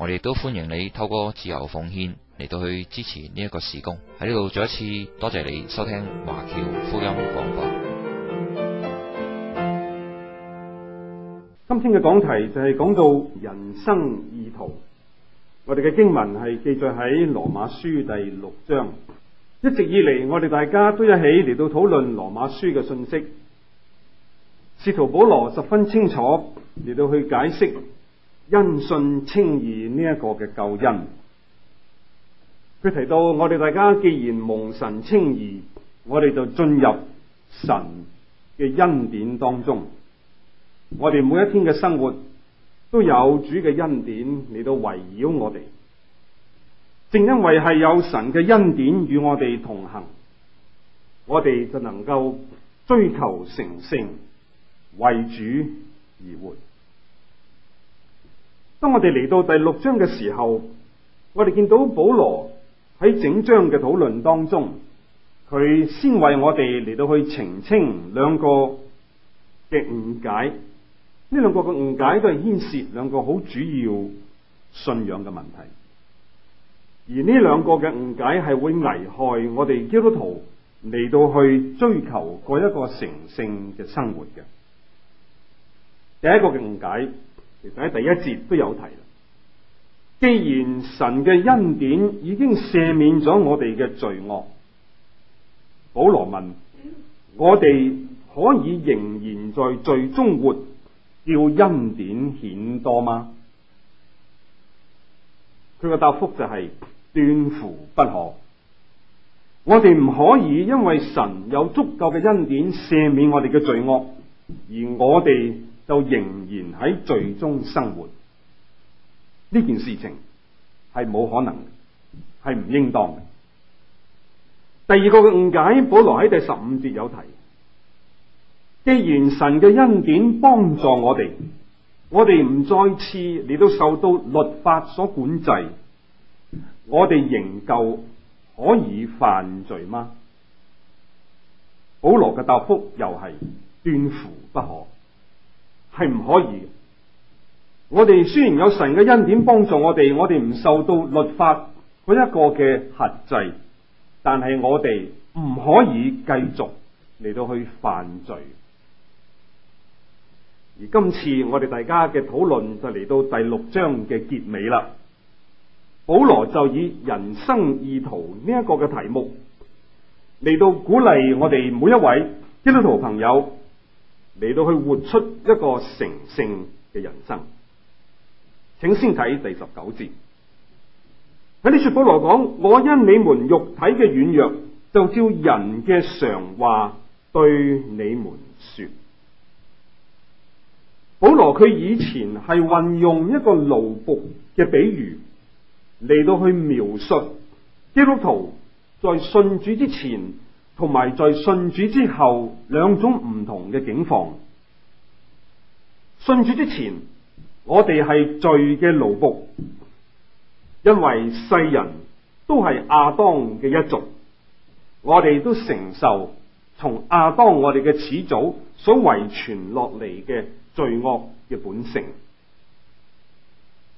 我哋都歡迎你透過自由奉獻嚟到去支持呢一個事工。喺呢度再一次多謝你收聽華僑福音廣播。法今天嘅講題就係講到人生二途。我哋嘅經文係記載喺羅馬書第六章。一直以嚟，我哋大家都一起嚟到討論羅馬書嘅信息。使徒保羅十分清楚嚟到去解釋，因信稱義呢一個嘅救恩，佢提到我哋大家既然蒙神稱義，我哋就進入神嘅恩典當中。我哋每一天嘅生活都有主嘅恩典嚟到圍繞我哋，正因為係有神嘅恩典與我哋同行，我哋就能夠追求成聖，為主而活。當我哋嚟到第六章嘅時候，我哋見到保羅喺整章嘅討論當中，佢先為我哋嚟到去澄清兩個嘅誤解。呢兩個嘅誤解都係牽涉兩個好主要信仰嘅問題，而呢兩個嘅誤解係會危害我哋基督徒嚟到去追求嗰一個聖性嘅生活嘅。第一個嘅誤解。其實喺第一節都有提啦。既然神嘅恩典已經赦免咗我哋嘅罪惡，保羅問我哋可以仍然在罪中活，叫恩典顯多嗎？佢嘅答覆就係、是、斷乎不可。我哋唔可以因為神有足夠嘅恩典赦免我哋嘅罪惡，而我哋。就仍然喺罪中生活呢件事情係冇可能，係唔應當。第二個誤解，保羅喺第十五節有提：既然神嘅恩典幫助我哋，我哋唔再次嚟都受到律法所管制，我哋仍舊可以犯罪嗎？保羅嘅答覆又係斷乎不可。係唔可以。我哋雖然有神嘅恩典幫助我哋，我哋唔受到律法嗰一個嘅限制，但係我哋唔可以繼續嚟到去犯罪。而今次我哋大家嘅討論就嚟到第六章嘅結尾啦。保羅就以人生二途呢一個嘅題目嚟到鼓勵我哋每一位基督徒朋友。嚟到去活出一個成聖嘅人生，請先睇第十九節。喺呢節保羅講，我因你們肉體嘅軟弱，就照人嘅常話對你們說。保羅佢以前係運用一個奴僕嘅比喻嚟到去描述基督徒在信主之前。同埋，在信主之後兩種唔同嘅境況。信主之前，我哋係罪嘅奴僕，因為世人都係亞當嘅一族，我哋都承受從亞當我哋嘅始祖所遺傳落嚟嘅罪惡嘅本性。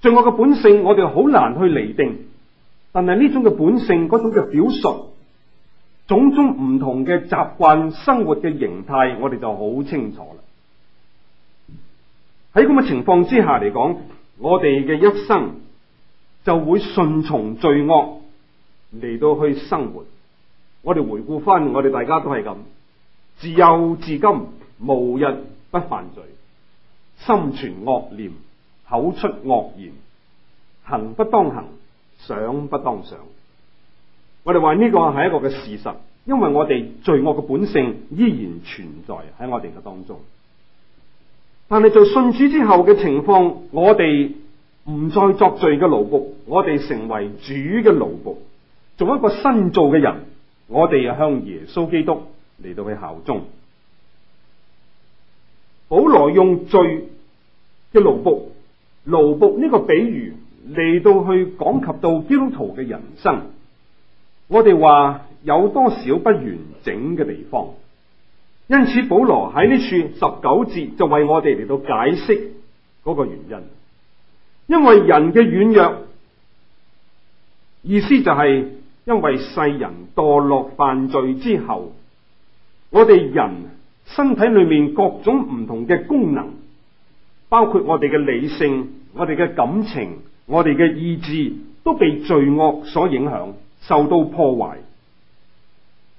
罪惡嘅本、本性，我哋好難去釐定，但係呢種嘅本性，嗰種嘅表述。種種唔同嘅習慣生活嘅形態，我哋就好清楚啦。喺咁嘅情況之下嚟講，我哋嘅一生就會順從罪惡嚟到去生活。我哋回顧返，我哋大家都係咁，自幼至今無日不犯罪，心存惡念，口出惡言，行不當行，想不當想。我哋話呢個係一個嘅事實，因為我哋罪惡嘅本性依然存在喺我哋嘅當中。但係就信主之後嘅情況，我哋唔再作罪嘅奴僕，我哋成為主嘅奴僕，做一個新造嘅人。我哋向耶穌基督嚟到去效忠。保羅用罪嘅奴僕、奴僕呢個比喻嚟到去講及到基督徒嘅人生。我哋話有多少不完整嘅地方，因此保羅喺呢處十九節就為我哋嚟到解釋嗰個原因，因為人嘅軟弱，意思就係因為世人墮落犯罪之後，我哋人身體裏面各種唔同嘅功能，包括我哋嘅理性、我哋嘅感情、我哋嘅意志，都被罪惡所影響。受到破壞，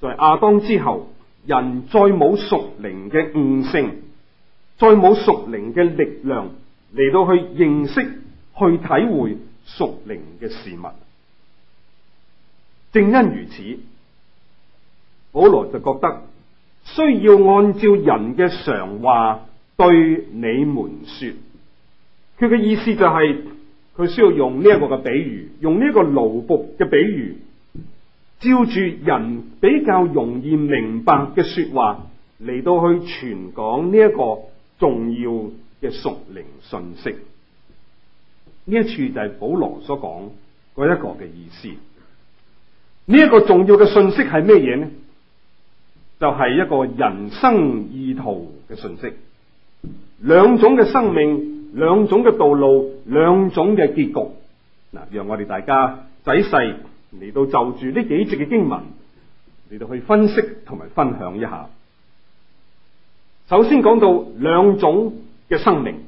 在、就是、亞當之後，人再冇屬靈嘅悟性，再冇屬靈嘅力量嚟到去認識、去體會屬靈嘅事物。正因如此，保羅就覺得需要按照人嘅常話對你們說。佢嘅意思就係、是，佢需要用呢一個嘅比喻，用呢一個奴僕嘅比喻。照住人比較容易明白嘅說話嚟到去傳講呢一個重要嘅屬靈信息，呢一處就係保羅所講嗰一個嘅意思。呢一個重要嘅信息係咩嘢呢？就係一個人生二途嘅信息。兩種嘅生命，兩種嘅道路，兩種嘅結局。嗱，讓我哋大家仔細。嚟到就住呢幾節嘅經文，嚟到去分析同埋分享一下。首先講到兩種嘅生命，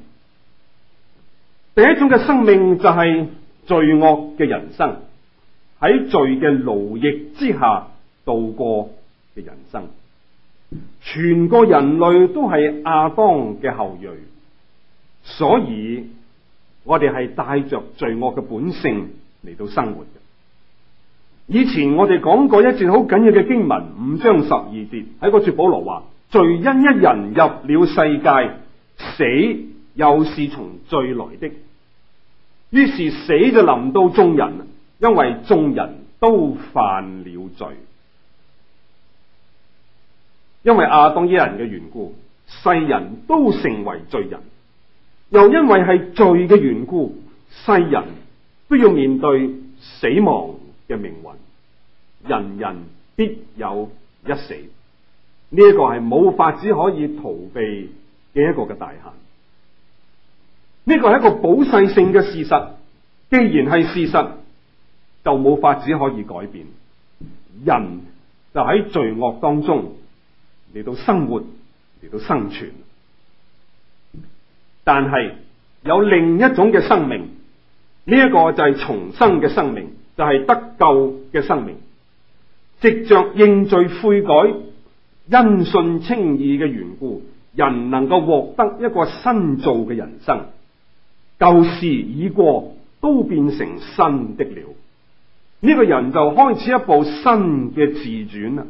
第一種嘅生命就係罪惡嘅人生，喺罪嘅奴役之下度過嘅人生。全個人類都係亞當嘅後裔，所以我哋係帶着罪惡嘅本性嚟到生活。以前我哋講過一節好緊要嘅經文，五章十二節喺個處保羅話：罪因一人入了世界，死又是從罪來的。於是死就臨到眾人，因為眾人都犯了罪，因為亞當一人嘅緣故，世人都成為罪人，又因為係罪嘅緣故，世人都要面對死亡。嘅命運，人人必有一死，呢、這、一個係冇法子可以逃避嘅一個嘅大限。呢、這個係一個普世性嘅事實，既然係事實，就冇法子可以改變。人就喺罪惡當中嚟到生活，嚟到生存，但係有另一種嘅生命，呢、這、一個就係重生嘅生命。就係得救嘅生命，藉着認罪悔改、因信稱義嘅緣故，人能夠獲得一個新造嘅人生。舊事已過，都變成新的了。呢、這個人就開始一部新嘅自傳啦。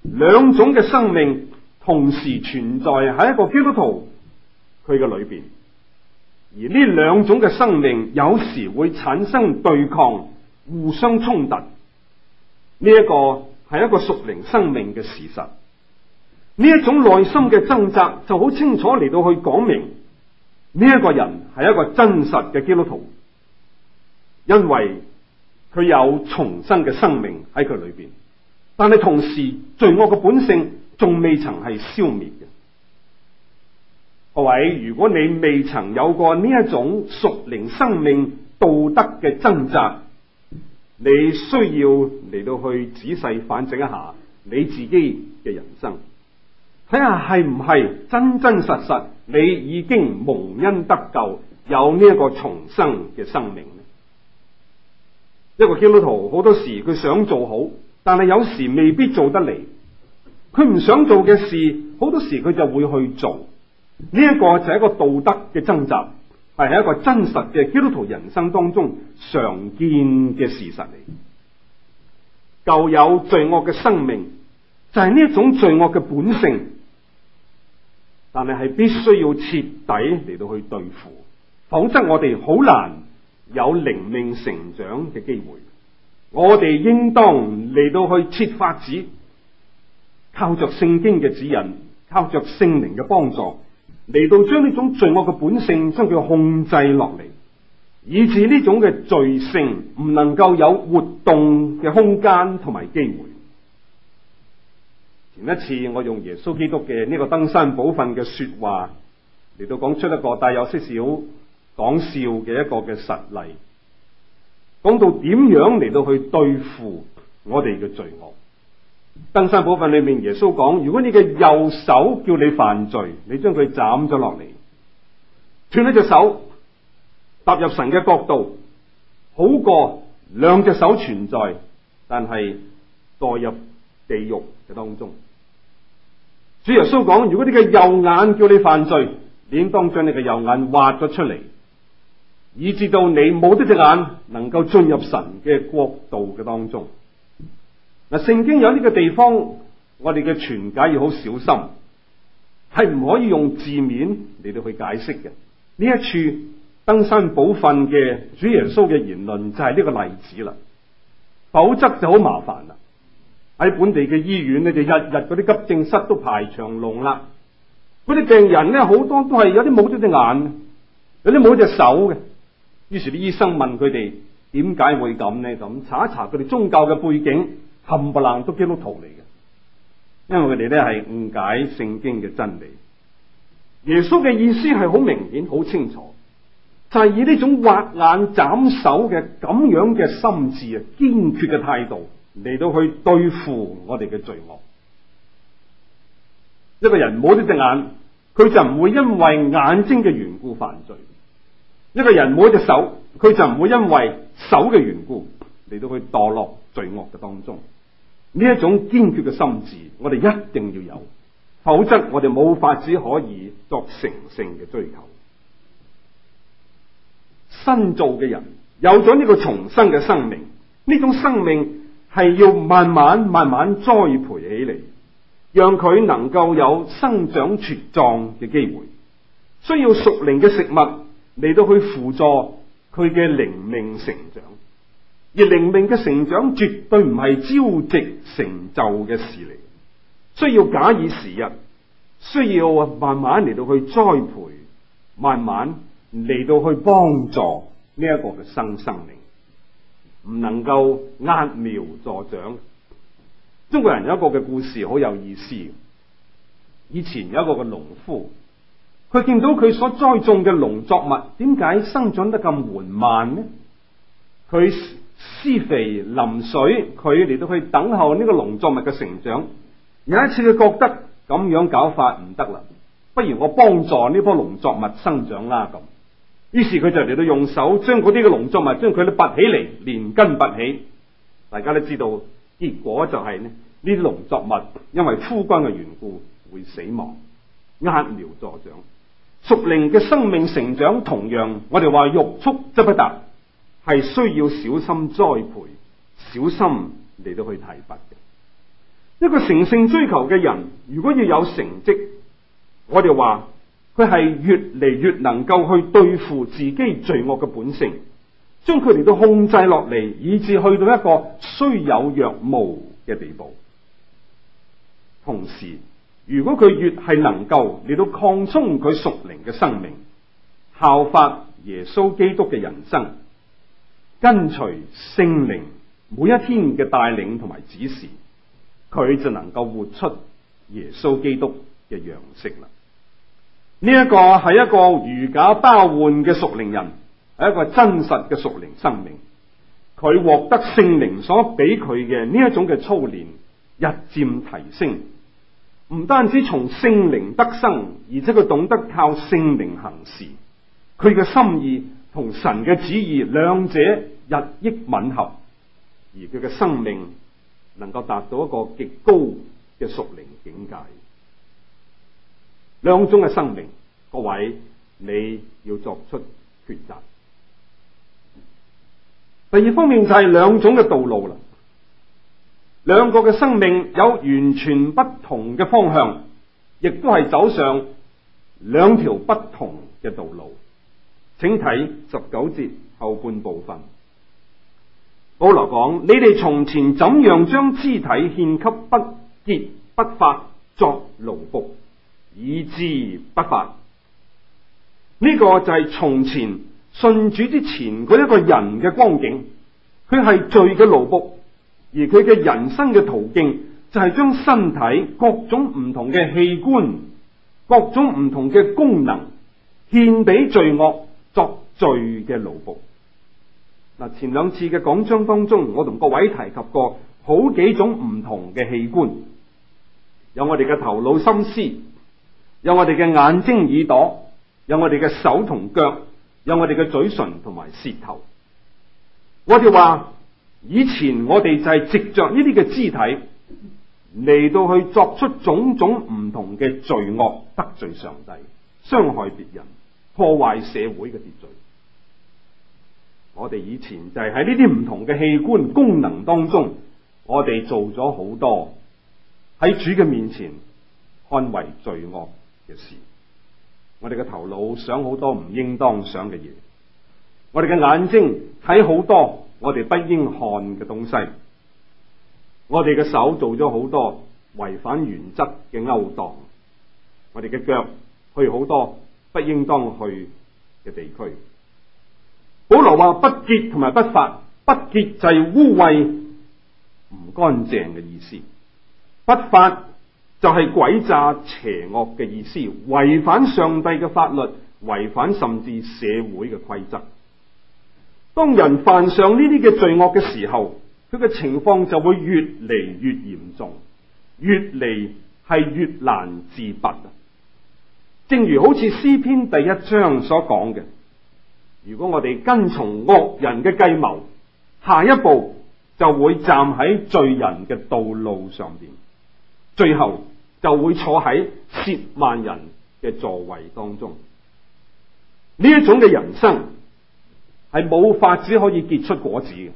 兩種嘅生命同時存在喺一個基督徒佢嘅裏邊。而呢兩種嘅生命有時會產生對抗，互相衝突。呢、這個、一個係一個屬靈生命嘅事實。呢一種內心嘅掙扎就好清楚嚟到去講明呢一、這個人係一個真實嘅基督徒，因為佢有重生嘅生命喺佢裏邊，但係同時罪惡嘅本性仲未曾係消滅嘅。各位，如果你未曾有過呢一種屬靈生命道德嘅掙扎，你需要嚟到去仔細反省一下你自己嘅人生，睇下係唔係真真實實你已經蒙恩得救，有呢一個重生嘅生命呢？一個基督徒好多時佢想做好，但係有時未必做得嚟。佢唔想做嘅事，好多時佢就會去做。呢一個就係一個道德嘅掙扎，係喺一個真實嘅基督徒人生當中常見嘅事實嚟。舊有罪惡嘅生命就係呢一種罪惡嘅本性，但係係必須要徹底嚟到去對付，否則我哋好難有靈命成長嘅機會。我哋應當嚟到去設法子，靠着聖經嘅指引，靠着聖靈嘅幫助。嚟到將呢種罪惡嘅本性，將佢控制落嚟，以致呢種嘅罪性唔能夠有活動嘅空間同埋機會。前一次我用耶穌基督嘅呢個登山寶訓嘅說話嚟到講出一個帶有些少講笑嘅一個嘅實例，講到點樣嚟到去對付我哋嘅罪惡。登山寶訓裏面耶穌講：如果你嘅右手叫你犯罪，你將佢斬咗落嚟，斷咗隻手，踏入神嘅國度，好過兩隻手存在，但係墮入地獄嘅當中。主耶穌講：如果你嘅右眼叫你犯罪，你應當將你嘅右眼挖咗出嚟，以至到你冇得隻眼，能夠進入神嘅國度嘅當中。嗱，聖經有呢個地方，我哋嘅詮解要好小心，係唔可以用字面嚟到去解釋嘅。呢一處登山寶訓嘅主耶穌嘅言論就係呢個例子啦，否則就好麻煩啦。喺本地嘅醫院咧，就日日嗰啲急症室都排長龍啦。嗰啲病人咧，好多都係有啲冇咗隻眼，有啲冇隻手嘅。於是啲醫生問佢哋點解會咁呢？咁查一查佢哋宗教嘅背景。冚唪唥都基督徒嚟嘅，因為佢哋咧，係誤解聖經嘅真理。耶穌嘅意思係好明顯、好清楚，就係、是、以呢種挖眼斬手嘅咁樣嘅心智啊，堅決嘅態度嚟到去對付我哋嘅罪惡。一個人冇咗隻眼，佢就唔會因為眼睛嘅緣故犯罪；一個人冇一隻手，佢就唔會因為手嘅緣故嚟到去墮落罪惡嘅當中。呢一種堅決嘅心智，我哋一定要有，否則我哋冇法子可以作成聖嘅追求。新造嘅人有咗呢個重生嘅生命，呢種生命係要慢慢慢慢栽培起嚟，讓佢能夠有生長茁壯嘅機會，需要屬靈嘅食物嚟到去輔助佢嘅靈命成長。而靈命嘅成長絕對唔係朝夕成就嘅事嚟，需要假以時日，需要啊慢慢嚟到去栽培，慢慢嚟到去幫助呢一個嘅新生，生命，唔能夠揠苗助長。中國人有一個嘅故事好有意思，以前有一個嘅農夫，佢見到佢所栽種嘅農作物，點解生長得咁緩慢呢？佢。施肥淋水，佢嚟到去等候呢個農作物嘅成長。有一次佢覺得咁樣搞法唔得啦，不如我幫助呢棵農作物生長啦、啊、咁。於是佢就嚟到用手將嗰啲嘅農作物將佢哋拔起嚟，連根拔起。大家都知道，結果就係、是、呢，呢啲農作物因為枯乾嘅緣故會死亡，揠苗助長。屬靈嘅生命成長同樣，我哋話欲速則不達。係需要小心栽培，小心嚟到去提拔一個誠性追求嘅人。如果要有成績，我哋話佢係越嚟越能夠去對付自己罪惡嘅本性，將佢嚟到控制落嚟，以至去到一個雖有若無嘅地步。同時，如果佢越係能夠嚟到擴充佢屬靈嘅生命，效法耶穌基督嘅人生。跟隨聖靈每一天嘅帶領同埋指示，佢就能夠活出耶穌基督嘅樣式啦。呢一個係一個如假包換嘅屬靈人，係一個真實嘅屬靈生命。佢獲得聖靈所俾佢嘅呢一種嘅操練，日漸提升。唔單止從聖靈得生，而且佢懂得靠聖靈行事。佢嘅心意同神嘅旨意兩者。日益吻合，而佢嘅生命能夠達到一個極高嘅屬靈境界。兩種嘅生命，各位你要作出抉擇。第二方面就係兩種嘅道路啦，兩個嘅生命有完全不同嘅方向，亦都係走上兩條不同嘅道路。請睇十九節後半部分。保羅講：你哋從前怎樣將肢體獻給不潔不法作奴僕，以致不法。呢個就係從前信主之前嗰一個人嘅光景，佢係罪嘅奴僕，而佢嘅人生嘅途徑就係將身體各種唔同嘅器官、各種唔同嘅功能獻俾罪惡作罪嘅奴僕。嗱，前兩次嘅講章當中，我同各位提及過好幾種唔同嘅器官，有我哋嘅頭腦、心思，有我哋嘅眼睛、耳朵，有我哋嘅手同腳，有我哋嘅嘴唇同埋舌頭。我哋話以前我哋就係藉着呢啲嘅肢體嚟到去作出種種唔同嘅罪惡，得罪上帝，傷害別人，破壞社會嘅秩序。我哋以前就係喺呢啲唔同嘅器官功能當中，我哋做咗好多喺主嘅面前看為罪惡嘅事。我哋嘅頭腦想好多唔應當想嘅嘢，我哋嘅眼睛睇好多我哋不應看嘅東西，我哋嘅手做咗好多違反原則嘅勾當，我哋嘅腳去好多不應當去嘅地區。保羅話：不潔同埋不法，不潔就係污穢、唔乾淨嘅意思；不法就係詭詐、邪惡嘅意思，違反上帝嘅法律，違反甚至社會嘅規則。當人犯上呢啲嘅罪惡嘅時候，佢嘅情況就會越嚟越嚴重，越嚟係越難自拔。正如好似詩篇第一章所講嘅。如果我哋跟從惡人嘅計謀，下一步就會站喺罪人嘅道路上邊，最後就會坐喺褻慢人嘅座位當中。呢一種嘅人生係冇法子可以結出果子嘅，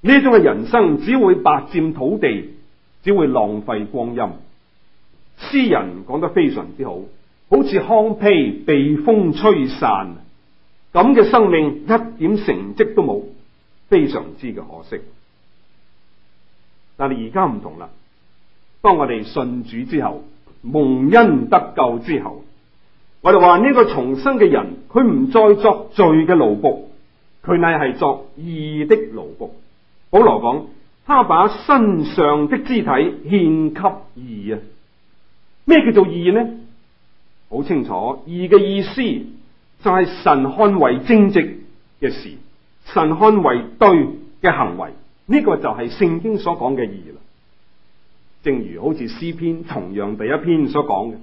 呢種嘅人生只會白佔土地，只會浪費光陰。詩人講得非常之好，好似糠秕被風吹散。咁嘅生命一點成績都冇，非常之嘅可惜。但係而家唔同啦，當我哋信主之後，蒙恩得救之後，我哋話呢個重生嘅人，佢唔再作罪嘅奴僕，佢乃係作義的奴僕。保羅講，他把身上的肢體獻給義啊。咩叫做義呢？好清楚，義嘅意思，就係神看為正直嘅事，神看為對嘅行為，呢個就係聖經所講嘅義啦。正如好似詩篇同樣第一篇所講嘅，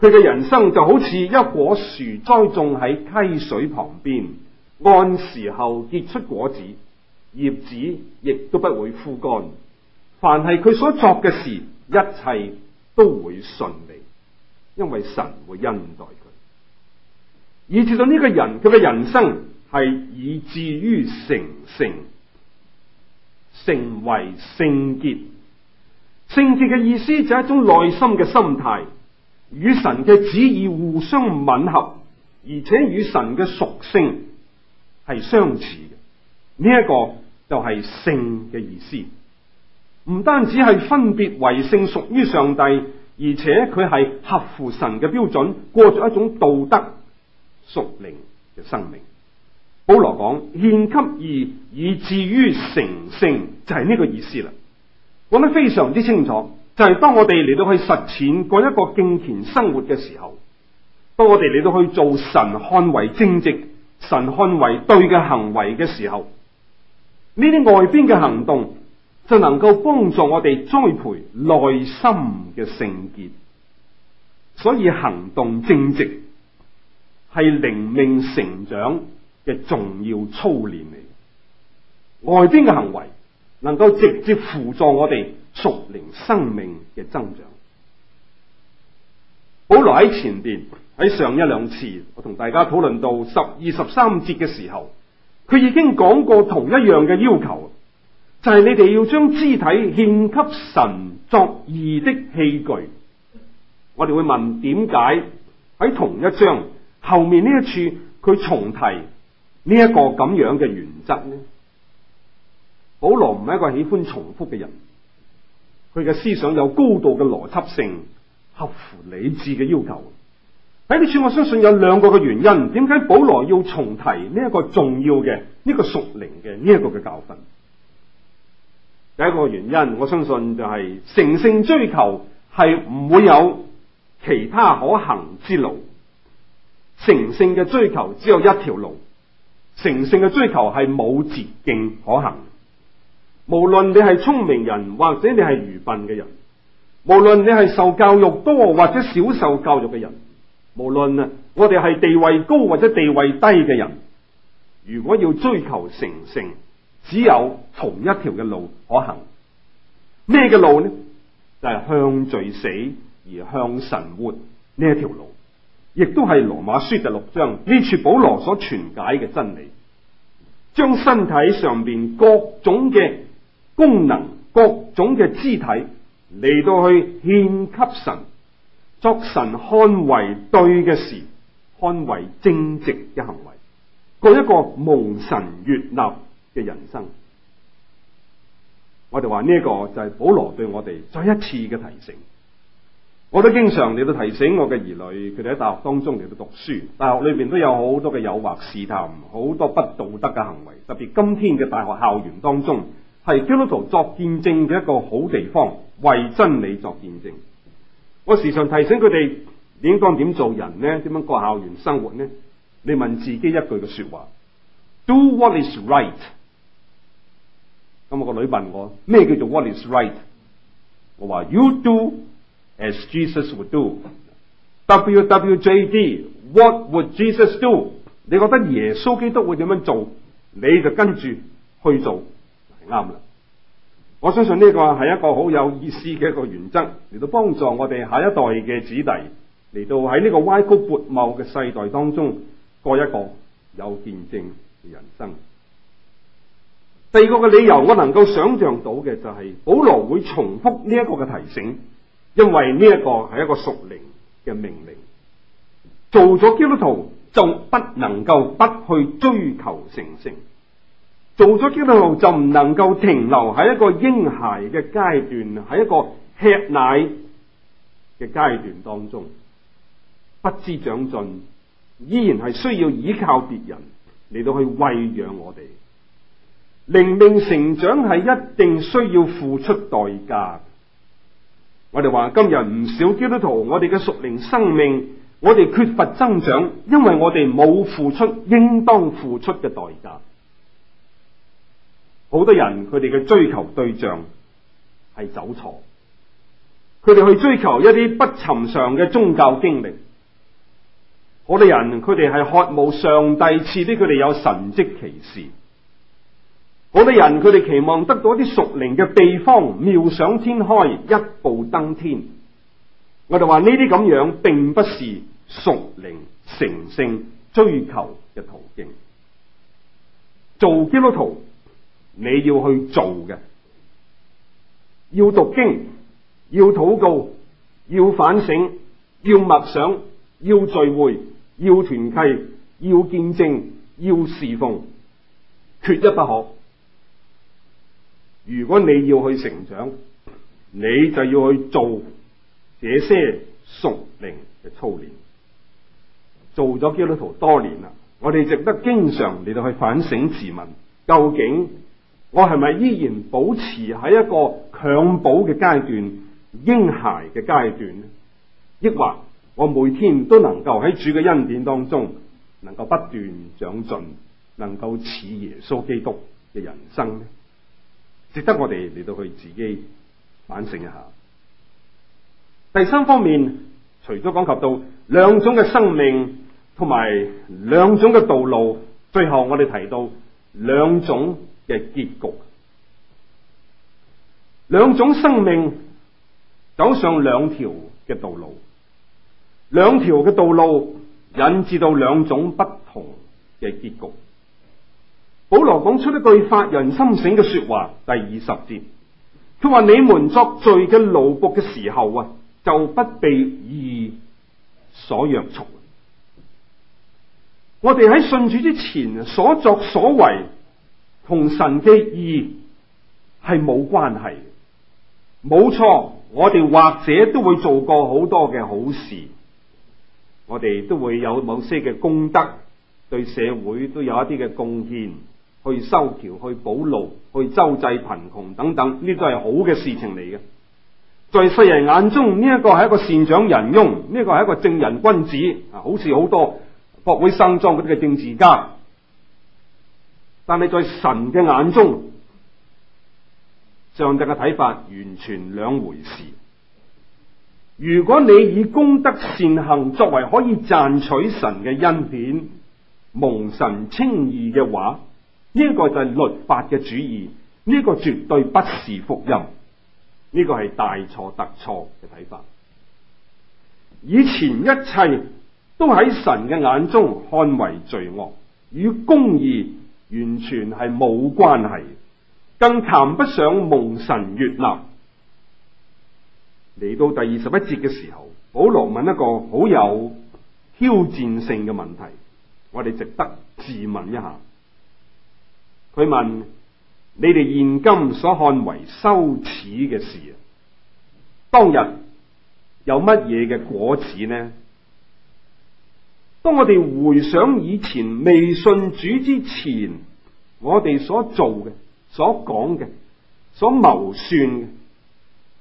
佢嘅人生就好似一棵樹栽種喺溪水旁邊，按時候結出果子，葉子亦都不會枯乾。凡係佢所作嘅事，一切都會順利，因為神會恩待佢。以至到呢個人佢嘅人生係以至於成聖，成為聖潔。聖潔嘅意思就係一種內心嘅心態，與神嘅旨意互相吻合，而且與神嘅屬性係相似嘅。呢、這、一個就係聖嘅意思，唔單止係分別為聖，屬於上帝，而且佢係合乎神嘅標準，過着一種道德，屬靈嘅生命，保羅講獻給義以至於成聖就係呢個意思啦。講得非常之清楚，就係當我哋嚟到去實踐嗰一個敬虔生活嘅時候，當我哋嚟到去做神看為正直、神看為對嘅行為嘅時候，呢啲外邊嘅行動就能夠幫助我哋栽培內心嘅聖潔。所以行動正直，係靈命成長嘅重要操練嚟，外邊嘅行為能夠直接輔助我哋屬靈生命嘅增長。好，來喺前邊喺上一兩次，我同大家討論到十二十三節嘅時候，佢已經講過同一樣嘅要求，就係、是、你哋要將肢體獻給神作義的器具。我哋會問點解喺同一章？後面呢一處佢重提呢一個咁樣嘅原則呢，保羅唔係一個喜歡重複嘅人，佢嘅思想有高度嘅邏輯性，合乎理智嘅要求。喺呢處我相信有兩個嘅原因，點解保羅要重提呢一個重要嘅呢、呢個屬靈嘅呢一個嘅教訓？第一個原因，我相信就係、是、誠性追求係唔會有其他可行之路。成聖嘅追求只有一條路，成聖嘅追求係冇捷徑可行。無論你係聰明人或者你係愚笨嘅人，無論你係受教育多或者少受教育嘅人，無論啊我哋係地位高或者地位低嘅人，如果要追求成聖，只有同一條嘅路可行。咩嘅路咧？就係向罪死而向神活呢一條路。亦都係羅馬書第六章呢處保羅所傳解嘅真理，將身體上邊各種嘅功能、各種嘅肢體嚟，到去獻給神，作神看為對嘅事，看為正直嘅行為，過一個蒙神悅納嘅人生。我哋話呢個就係保羅對我哋再一次嘅提醒。我都經常嚟到提醒我嘅兒女，佢哋喺大學當中嚟到讀書，大學裏邊都有好多嘅誘惑試探，好多不道德嘅行為。特別今天嘅大學校園當中，係基督徒作見證嘅一個好地方，為真理作見證。我時常提醒佢哋，你應該點做人呢？點樣過校園生活呢？你問自己一句嘅說話：Do what is right。咁、那、我個女問我咩叫做 What is right？我話 You do。As Jesus would do, W W J D. What would Jesus do？你覺得耶穌基督會點樣做？你就跟住去做，係啱啦。我相信呢個係一個好有意思嘅一個原則嚟到幫助我哋下一代嘅子弟嚟到喺呢個歪曲悖謬嘅世代當中過一個有見證嘅人生。第二個嘅理由，我能夠想象到嘅就係、是、保羅會重複呢一個嘅提醒。因為呢一個係一個屬靈嘅命令，做咗基督徒就不能夠不去追求成聖，做咗基督徒就唔能夠停留喺一個嬰孩嘅階段，喺一個吃奶嘅階段當中，不知長進，依然係需要依靠別人嚟到去餵養我哋，靈命成長係一定需要付出代價。我哋話，今日唔少基督徒，我哋嘅屬靈生命，我哋缺乏增長，因為我哋冇付出應當付出嘅代價。好多人佢哋嘅追求對象係走錯，佢哋去追求一啲不尋常嘅宗教經歷。好多人佢哋係渴望上帝賜俾，佢哋有神蹟奇事。我哋人佢哋期望得到一啲屬靈嘅地方，妙想天開，一步登天。我哋話呢啲咁樣，並不是屬靈成聖追求嘅途徑。做基督徒你要去做嘅，要讀經，要禱告，要反省，要默想，要聚會，要團契，要見證，要侍奉，缺一不可。如果你要去成長，你就要去做這些屬靈嘅操練。做咗基督徒多年啦，我哋值得經常嚟到去反省自問：究竟我係咪依然保持喺一個襁褓嘅階段、嬰孩嘅階段呢？抑或我每天都能夠喺主嘅恩典當中，能夠不斷長進，能夠似耶穌基督嘅人生呢？值得我哋嚟到去自己反省一下。第三方面，除咗講及到兩種嘅生命同埋兩種嘅道路，最後我哋提到兩種嘅結局。兩種生命走上兩條嘅道路，兩條嘅道路引致到兩種不同嘅結局。保羅講出一句發人心醒嘅說話，第二十節，佢話：你們作罪嘅奴僕嘅時候啊，就不被義所約束。我哋喺信主之前所作所為，同神嘅義係冇關係。冇錯，我哋或者都會做過好多嘅好事，我哋都會有某些嘅功德，對社會都有一啲嘅貢獻。去修橋、去補路、去周濟貧窮等等，呢啲都係好嘅事情嚟嘅。在世人眼中，呢、這、一個係一個善長仁翁，呢、這、一個係一個正人君子，好似好多國會山莊嗰啲嘅政治家。但係在神嘅眼中，上帝嘅睇法完全兩回事。如果你以功德善行作為可以賺取神嘅恩典、蒙神稱義嘅話，呢一個就係律法嘅主義，呢個絕對不是福音，呢個係大錯特錯嘅睇法。以前一切都喺神嘅眼中看為罪惡，與公義完全係冇關係，更談不上蒙神悅納。嚟到第二十一節嘅時候，保羅問一個好有挑戰性嘅問題，我哋值得自問一下。佢問：你哋現今所看為羞恥嘅事，當日有乜嘢嘅果子呢？當我哋回想以前未信主之前，我哋所做嘅、所講嘅、所謀算嘅，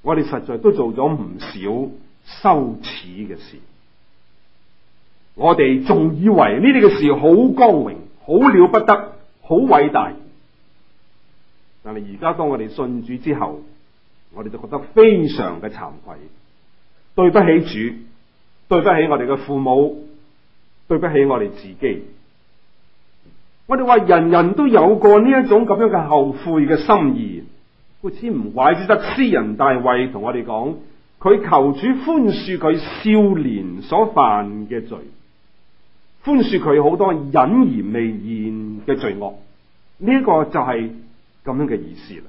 我哋實在都做咗唔少羞恥嘅事。我哋仲以為呢啲嘅事好光榮、好了不得、好偉大。但係而家當我哋信主之後，我哋就覺得非常嘅慚愧，對不起主，對不起我哋嘅父母，對不起我哋自己。我哋話人人都有過呢一種咁樣嘅後悔嘅心意。故此唔怪之得詩人大衛同我哋講，佢求主寬恕佢少年所犯嘅罪，寬恕佢好多隱而未言嘅罪惡。呢一個就係。咁樣嘅意思啦。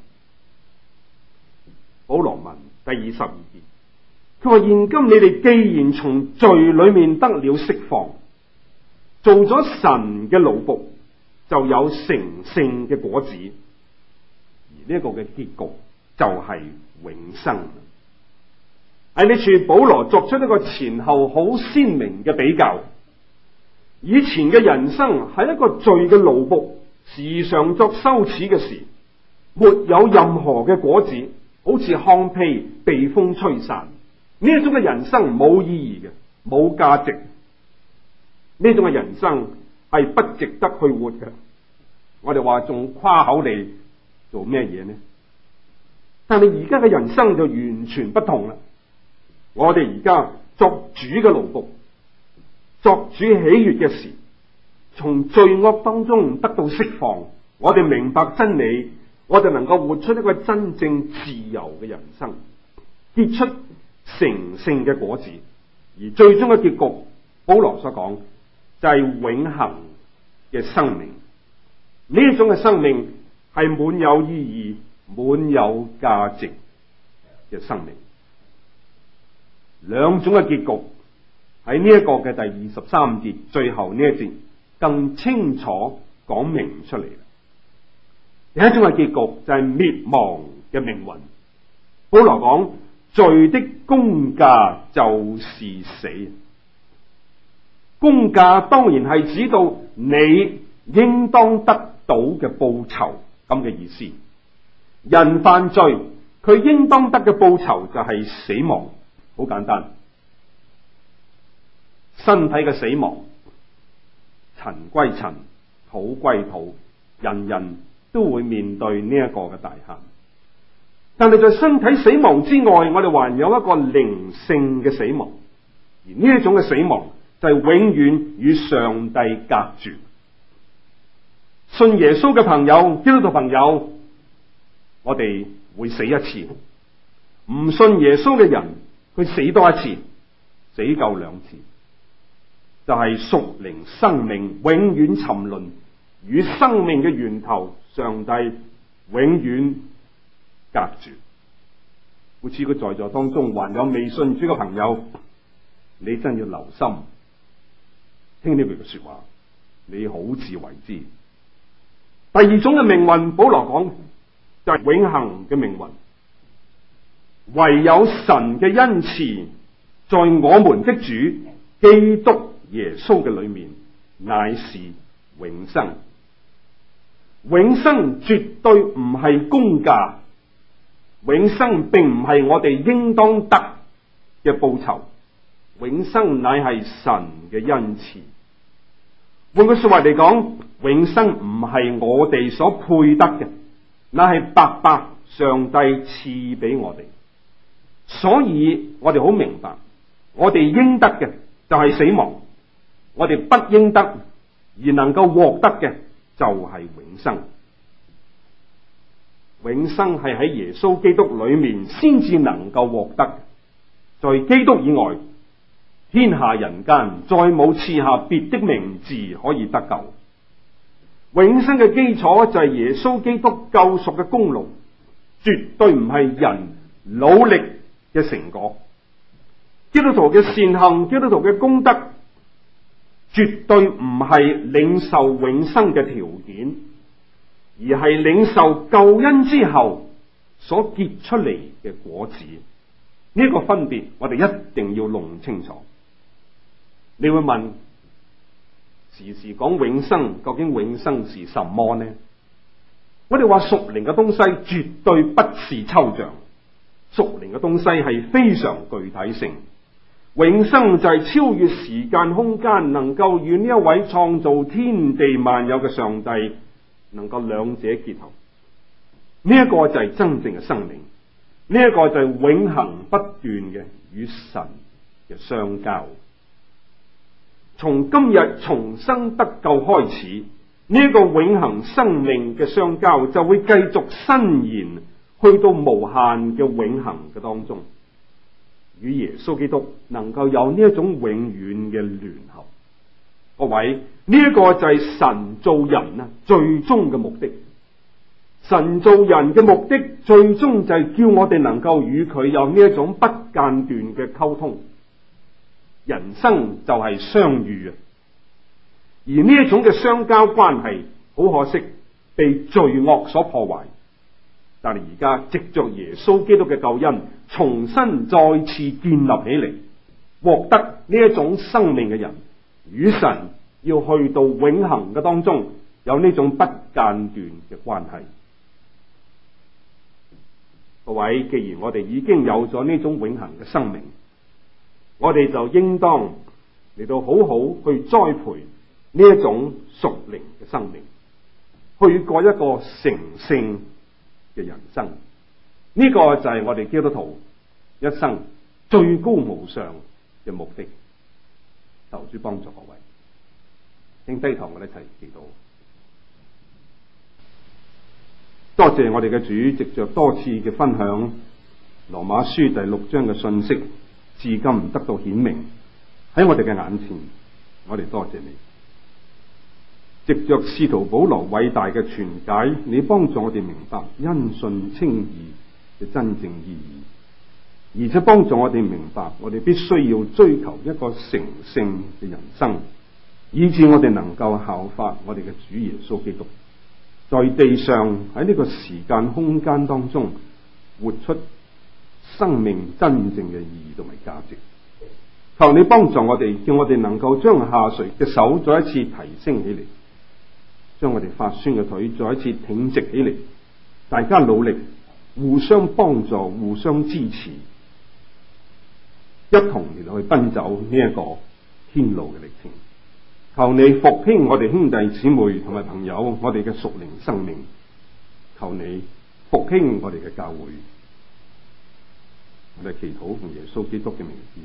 保羅文第二十二節，佢話：現今你哋既然從罪裏面得了釋放，做咗神嘅奴僕，就有成聖嘅果子。而呢一個嘅結局就係永生。喺呢處保羅作出一個前後好鮮明嘅比較。以前嘅人生係一個罪嘅奴僕，時常作羞恥嘅事。沒有任何嘅果子，好似糠皮被風吹散。呢種嘅人生冇意義嘅，冇價值。呢種嘅人生係不值得去活嘅。我哋話仲誇口你做咩嘢呢？但係而家嘅人生就完全不同啦。我哋而家作主嘅勞碌，作主喜悅嘅事，從罪惡當中得到釋放。我哋明白真理。我就能夠活出一個真正自由嘅人生，結出成聖嘅果子，而最終嘅結局，保羅所講就係永恆嘅生命。呢種嘅生命係滿有意義、滿有價值嘅生命。兩種嘅結局喺呢一個嘅第二十三節最後呢一節更清楚講明出嚟。另一種嘅結局就係、是、滅亡嘅命運。保羅講，罪的工價就是死，工價當然係指到你應當得到嘅報酬咁嘅意思。人犯罪，佢應當得嘅報酬就係死亡，好簡單，身體嘅死亡，塵歸塵，土歸土，人人，都會面對呢一個嘅大限，但係在身體死亡之外，我哋還有一個靈性嘅死亡，而呢一種嘅死亡就係、是、永遠與上帝隔絕。信耶穌嘅朋友、基督徒朋友，我哋會死一次；唔信耶穌嘅人，佢死多一次，死夠兩次，就係、是、屬靈生命永遠沉淪與生命嘅源頭上帝永遠隔絕，好似佢在座當中還有未信主嘅朋友，你真要留心聽呢句嘅說話，你好自為之。第二種嘅命運，保羅講就係、是、永恆嘅命運，唯有神嘅恩賜，在我們的主基督耶穌嘅裏面，乃是永生。永生絕對唔係工價，永生並唔係我哋應當得嘅報酬，永生乃係神嘅恩賜。換句說話嚟講，永生唔係我哋所配得嘅，乃係白白上帝賜俾我哋。所以我哋好明白，我哋應得嘅就係死亡，我哋不應得而能夠獲得嘅。就係永生，永生係喺耶穌基督裏面先至能夠獲得，在基督以外，天下人間再冇賜下別的名字可以得救。永生嘅基礎就係耶穌基督救贖嘅功勞，絕對唔係人努力嘅成果。基督徒嘅善行，基督徒嘅功德，絕對唔係領受永生嘅條件，而係領受救恩之後所結出嚟嘅果子。呢、這個分別我哋一定要弄清楚。你會問，時時講永生，究竟永生是什麼呢？我哋話屬靈嘅東西絕對不是抽象，屬靈嘅東西係非常具體性。永生就係超越時間空間，能夠與呢一位創造天地萬有嘅上帝，能夠兩者結合。呢、這、一個就係真正嘅生命，呢、這、一個就係永恆不斷嘅與神嘅相交。從今日重生得救開始，呢、這、一個永恆生命嘅相交就會繼續伸延，去到無限嘅永恆嘅當中。與耶穌基督能夠有呢一種永遠嘅聯合，各位，呢一個就係神造人啊最終嘅目的。神造人嘅目的最終就係叫我哋能夠與佢有呢一種不間斷嘅溝通。人生就係相遇啊，而呢一種嘅相交關係，好可惜被罪惡所破壞。但係而家藉着耶穌基督嘅救恩，重新再次建立起嚟，獲得呢一種生命嘅人，與神要去到永恆嘅當中，有呢種不間斷嘅關係。各位，既然我哋已經有咗呢種永恆嘅生命，我哋就應當嚟到好好去栽培呢一種屬靈嘅生命，去過一個成聖嘅人生，呢、這個就係我哋基督徒一生最高無上嘅目的，求主幫助各位，請低頭嘅一齊祈禱。多謝我哋嘅主藉着多次嘅分享《羅馬書》第六章嘅信息，至今唔得到顯明喺我哋嘅眼前，我哋多謝你。藉着使徒保羅偉大嘅詮解，你幫助我哋明白因信稱義嘅真正意義，而且幫助我哋明白我哋必須要追求一個成聖嘅人生，以至我哋能夠效法我哋嘅主耶穌基督，在地上喺呢個時間空間當中活出生命真正嘅意義同埋價值。求你幫助我哋，叫我哋能夠將下垂嘅手再一次提升起嚟。將我哋發酸嘅腿再一次挺直起嚟，大家努力，互相幫助，互相支持，一同嚟到去奔走呢一個天路嘅歷程。求你復興我哋兄弟姊妹同埋朋友，我哋嘅屬靈生命。求你復興我哋嘅教會。我哋祈禱奉耶穌基督嘅名字。